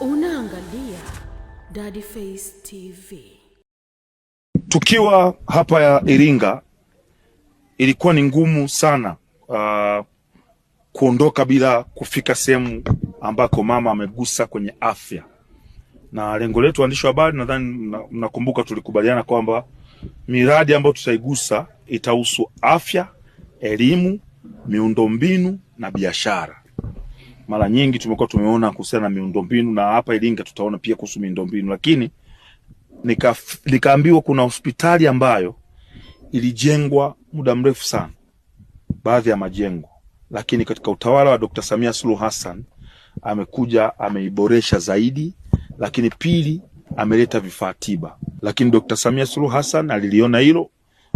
Unaangalia Daddy Face TV. Tukiwa hapa ya Iringa ilikuwa ni ngumu sana uh, kuondoka bila kufika sehemu ambako mama amegusa kwenye afya, na lengo letu waandishi wa habari, nadhani mnakumbuka, tulikubaliana kwamba miradi ambayo tutaigusa itahusu afya, elimu, miundombinu na biashara mara nyingi tumekuwa tumeona kuhusiana na miundombinu, na hapa Iringa tutaona pia kuhusu miundombinu, lakini nika, nikaambiwa kuna hospitali ambayo ilijengwa muda mrefu sana, baadhi ya majengo, lakini katika utawala wa Dkt. Samia Suluhu Hassan amekuja ameiboresha zaidi, lakini pili ameleta vifaa tiba. Lakini Dkt. Samia Suluhu Hassan aliliona hilo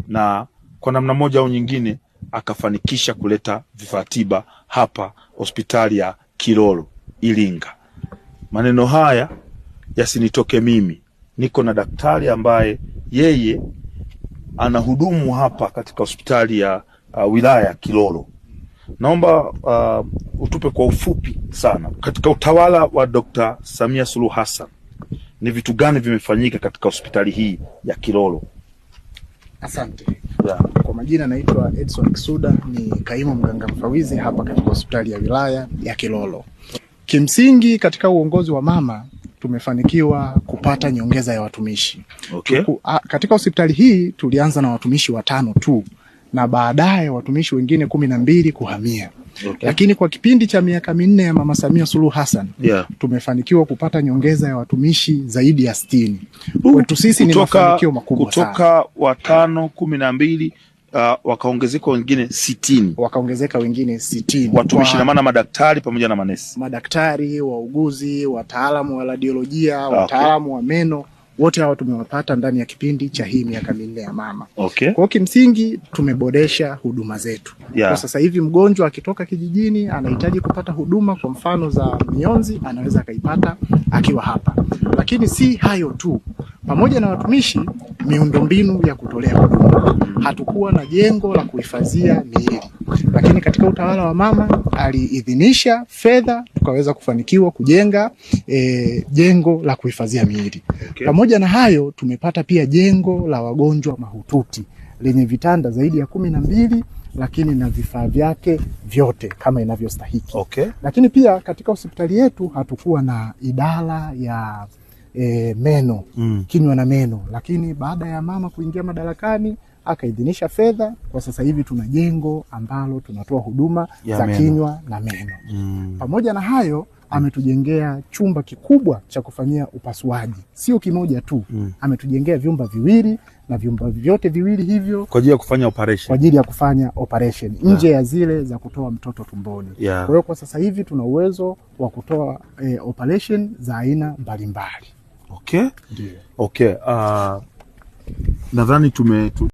na kwa namna moja au nyingine akafanikisha kuleta vifaa tiba hapa hospitali ya Kilolo, Iringa. Maneno haya yasinitoke mimi, niko na daktari ambaye yeye anahudumu hapa katika hospitali ya uh, wilaya ya Kilolo. Naomba uh, utupe kwa ufupi sana, katika utawala wa Dkt. Samia Suluhu Hassan ni vitu gani vimefanyika katika hospitali hii ya Kilolo? Asante. Kwa majina naitwa Edson Kisuda, ni kaimu mganga mfawizi hapa katika hospitali ya wilaya ya Kilolo. Kimsingi katika uongozi wa mama tumefanikiwa kupata nyongeza ya watumishi. Okay. Tuku, a, katika hospitali hii tulianza na watumishi watano tu na baadaye watumishi wengine kumi na mbili kuhamia. Okay. Lakini kwa kipindi cha miaka minne ya Mama Samia Suluhu Hassan yeah. tumefanikiwa kupata nyongeza ya watumishi zaidi ya sitini. Kwetu sisi ni mafanikio makubwa sana. watano kumi na mbili Uh, wakaongezeka wengine sitini, wakaongezeka wengine sitini watumishi, na maana madaktari pamoja na manesi, madaktari, wauguzi, wataalamu wa radiolojia, ah, wataalamu wa meno wote hawa tumewapata ndani ya kipindi cha hii miaka minne ya mama. Okay. Kwa kimsingi tumeboresha huduma zetu. Yeah. Kwa sasa hivi mgonjwa akitoka kijijini anahitaji kupata huduma kwa mfano za mionzi anaweza akaipata akiwa hapa. Lakini si hayo tu. Pamoja na watumishi miundombinu ya kutolea huduma, hatukuwa na jengo la kuhifadhia miili, lakini katika utawala wa mama aliidhinisha fedha tukaweza kufanikiwa kujenga e, jengo la kuhifadhia miili. Pamoja okay. na hayo tumepata pia jengo la wagonjwa mahututi lenye vitanda zaidi ya kumi na mbili lakini na vifaa vyake vyote kama inavyostahiki. Okay. Lakini pia katika hospitali yetu hatukuwa na idara ya e, meno mm. kinywa na meno, lakini baada ya mama kuingia madarakani akaidhinisha fedha. Kwa sasa hivi tuna jengo ambalo tunatoa huduma ya za meno. kinywa na meno mm. Pamoja na hayo ametujengea chumba kikubwa cha kufanyia upasuaji, sio kimoja tu mm. ametujengea vyumba viwili na vyumba vyote viwili hivyo kwa ajili ya kufanya operation, kwa ajili ya kufanya operation nje ya zile za kutoa mtoto tumboni yeah. Kwa hiyo kwa sasa hivi tuna uwezo wa kutoa eh, operation za aina mbalimbali. Okay. Okay. Uh, nadhani tume